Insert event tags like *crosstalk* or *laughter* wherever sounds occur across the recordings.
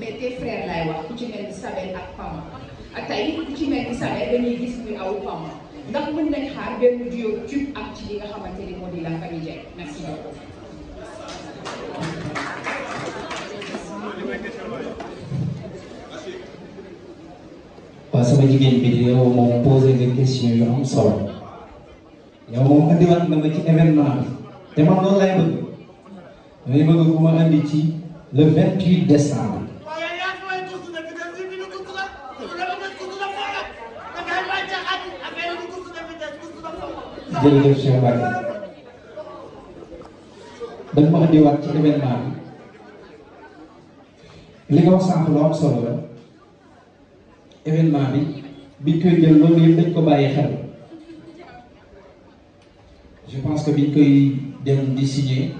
mais tes frères laay wax ku ci mel ni Pama ak tey ku ci mel ni Sabel dañuy gis aw Pama ndax mën nañ xaar benn duo tube am ci li nga xamante ni moo la famille Diagne merci beaucoup. waaw sama jigéen bi yow moom posé nga question yu am solo yow moom indiwaat na ma ci événement bi te man loolu lay bëgg damay bëgg ku ma andi ci le 28 décembre. jërëjëf Cheikh Mbacke dañ ma indiwaat ci événement bi li nga wax sànq lu am solo la événement bi biñ koy jël loolu yëpp dañ ko bàyyi xel je pense que biñ koy dem di signé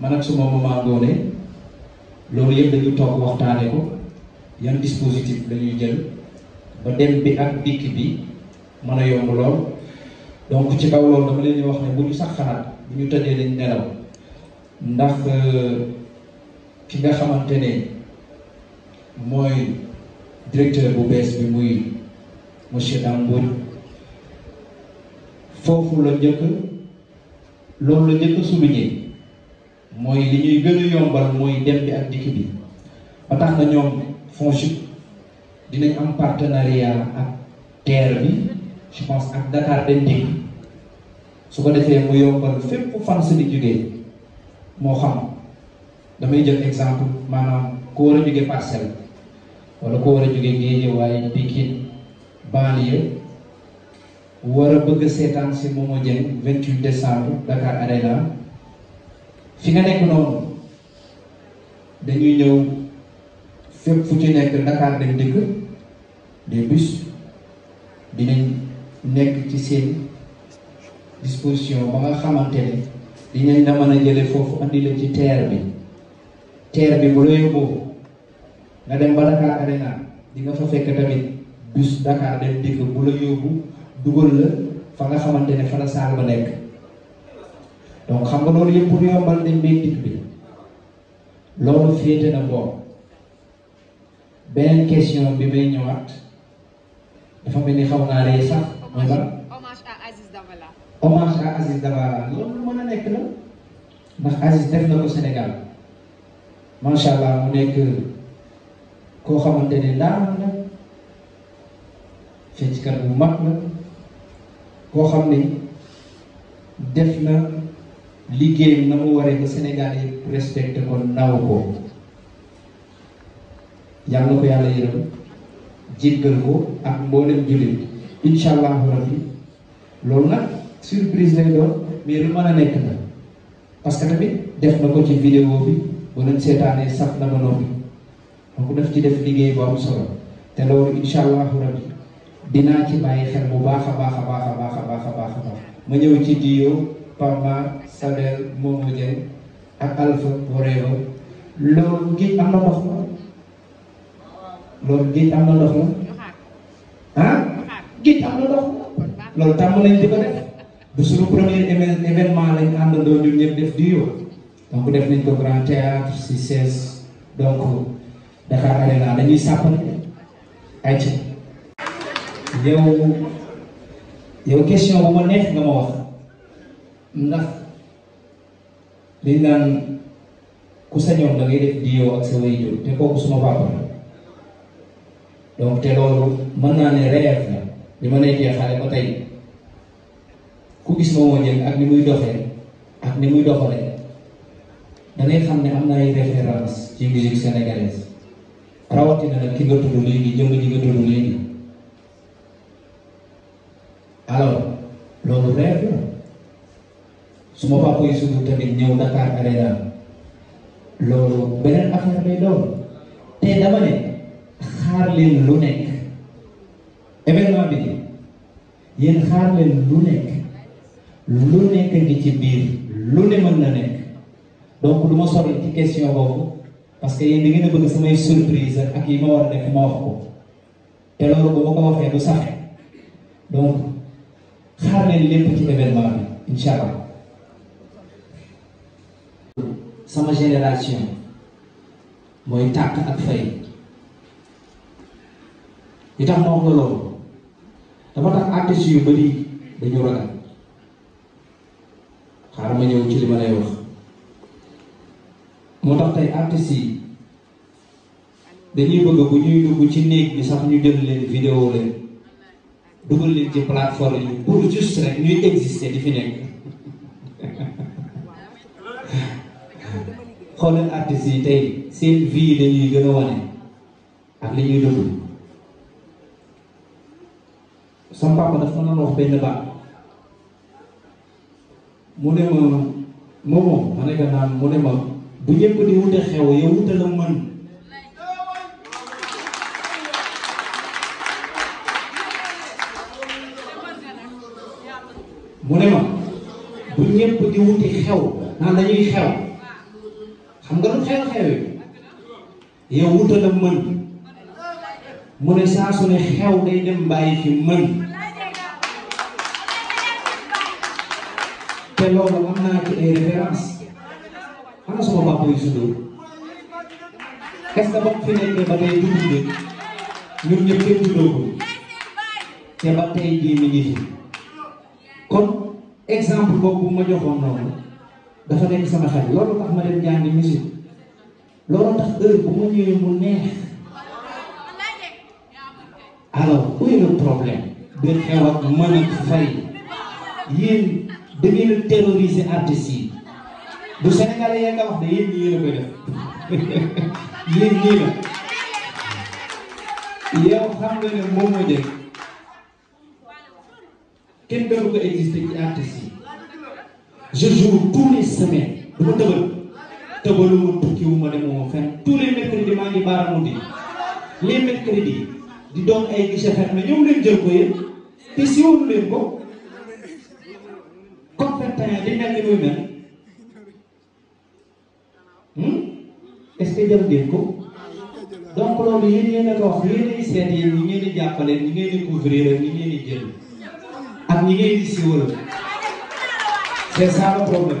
man ak suma maman Ngoné loolu yëpp dañu toog waxtaane ko yan dispositif lañuy jël ba dem bi ak dikk bi mën a yomb lool donc ci kaw loolu dama leen wax ne bu ñu sax xalaat bu ñu tëddee dañ nelaw ndax euh, ki nga xamante ne mooy directeur bu bees bi muy monsieur Dame Mbodj foofu la njëkk loolu la njëkk souligné mooy li ñuy gën yombal mooy dem bi ak dikk bi ba tax na ñoom FONGIP dinañ am partenariat ak terre bi je pense ak Dakar Dem Dikk su ko defee mu yombal fépp fan si jógee moo xam damay jël exemple maanaam ku war a jógee parcelle wala ku war a jógee Guédiawaye Pikine banlieue war a bëgg seetaan si Momo Dieng 28 décembre Dakar Arena fi nga nekk noonu dañuy ñëw fépp fu ci nekk Dakar Dem Dikk des bus dinañ nekk ci seen disposition ba nga xamante ne dinañ la mën a jële foofu andi la ci terre bi terre bi bu la yóbboo nga dem ba Dakar Arena di nga fa fekk tamit bus Dakar dem dikk bu la yóbbu dugal la fa nga xamante ne fa la saal ba nekk donc xam nga loolu yëpp pour yombal dañ bay dikk bi loolu féete na boor beneen question bi may ñëwaat dafa mel ni xaw naa lay sax hommage à Aziz Dabala. hommage à Aziz Dabala a nekk la ndax Aziz def na ko Sénégal macha allah mu nekk koo xamante ne ndaanam la fecckat bu mag la koo xam ne def na liggéey na mu waree ba Sénégal yi ko naw ko yàlla ko yàlla yërëm jéggal ko ak mboolem jullit incha allahu rabbi loolu nag surprise lay doon mais lu mën a nekk na parce que tamit def na ko ci vidéo bi ba leen seetaanee sax na ma noppi donc daf ci def liggéey bu am solo te loolu incha rabbi dinaa ci bàyyi xel bu baax a baax a baax baax baax baax ma ñëw ci Dio Pama Sadel Momo ak Alpha Boreva loolu géej am na ndox loolu géej am na ndox ma géej am na ndox loolu tàmm nañ di ko def du suñu premier événement lañ àndandoo ñun ñëpp def di yow donc def nañ ko grand théâtre si seize donc Dakar Arena dañuy sàppal ay ci yow ku sañoon da ngay def ak sa way jur te kooku suma papa donc te loolu mën naa ne réer bi ma nekkee xale ba tey ku gis Momo Dieng ak ni muy doxee ak ni muy doxalee da xam ne am na ay référence ci musique sénégalaise rawatina nag ki nga tudd léegi jëmm ji nga tudd léegi alors loolu rêve la suma papa yi sudu tamit ñëw Dakar Arena loolu beneen affaire lay doon te dama ne xaar leen lu événement eh, bi di yéen xaar leen lu nekk lu nekk ngi ci biir lu ne mën na nekk donc du ma sori ci question boobu parce que yéen da ngeen a bëgg samay surprise ak yi ma war a def ma wax ko te loolu bu ko waxee du saxe donc xaar leen ci événement bi incha sama génération mooy tàkk ak fay li ma wax nga loolu. dafa tax artistes yu bari dañu ragal xaaral ma ñëw ci li ma moo tax tey artistes dañuy bëgg bu ñuy dugg ci néeg bi sax ñu jël leen vidéo leen dugal leen ci plateforme yi pour juste rek ñuy exister di fi nekk *laughs* xoolal artistes yi tey seen vie dañuy gën a wane ak li ñuy sama ma doon wax benn baat mu ne ma moomoo ma ne ko naan mu ne ma bu di wute xew yow wute la mën mu ne ma bu di wuti xew naan dañuy xew xam nga lu xew xewi yow wuta la mu ne saa su ne xew day dem bàyyi fi mën te loolu am naa ci ay référence ana suma bàpp yu sudóor est-ce que fi nekkee ba tey dugub bi ñun ñëpp kenn juddoo ko te ba tey jii mi ngi fi kon exemple boobu ma joxoon noonu dafa nekk sama xel loolu tax ma dem jàngi musique loolu tax heure bu ma ñëwee mu neex alors où est le problème de xew ak mën ak fay yéen da yaa nga wax ne yéen ñii la koy def *laughs* yéen ñii la yow xam nga ne moom mooy def kenn dootu ko exister ci artistes yi je joue tous les semaines du ma tëbal tëbalu ma tukki wu ma tous les mercredis maa ngi baaramuti les mercredis di doon ay guichet fermé ñëw leen jël ko yéen te siiwalu leen ko COP21 di mel ni muy mel hmm? est-ce que jël ngeen ko donc loolu yéen yéen ko wax yéen ay seet ngeen di jàppale ñi ngeen di couvrir ñi ngeen di jël ak ñi ngeen di siiwal c'est ça le problème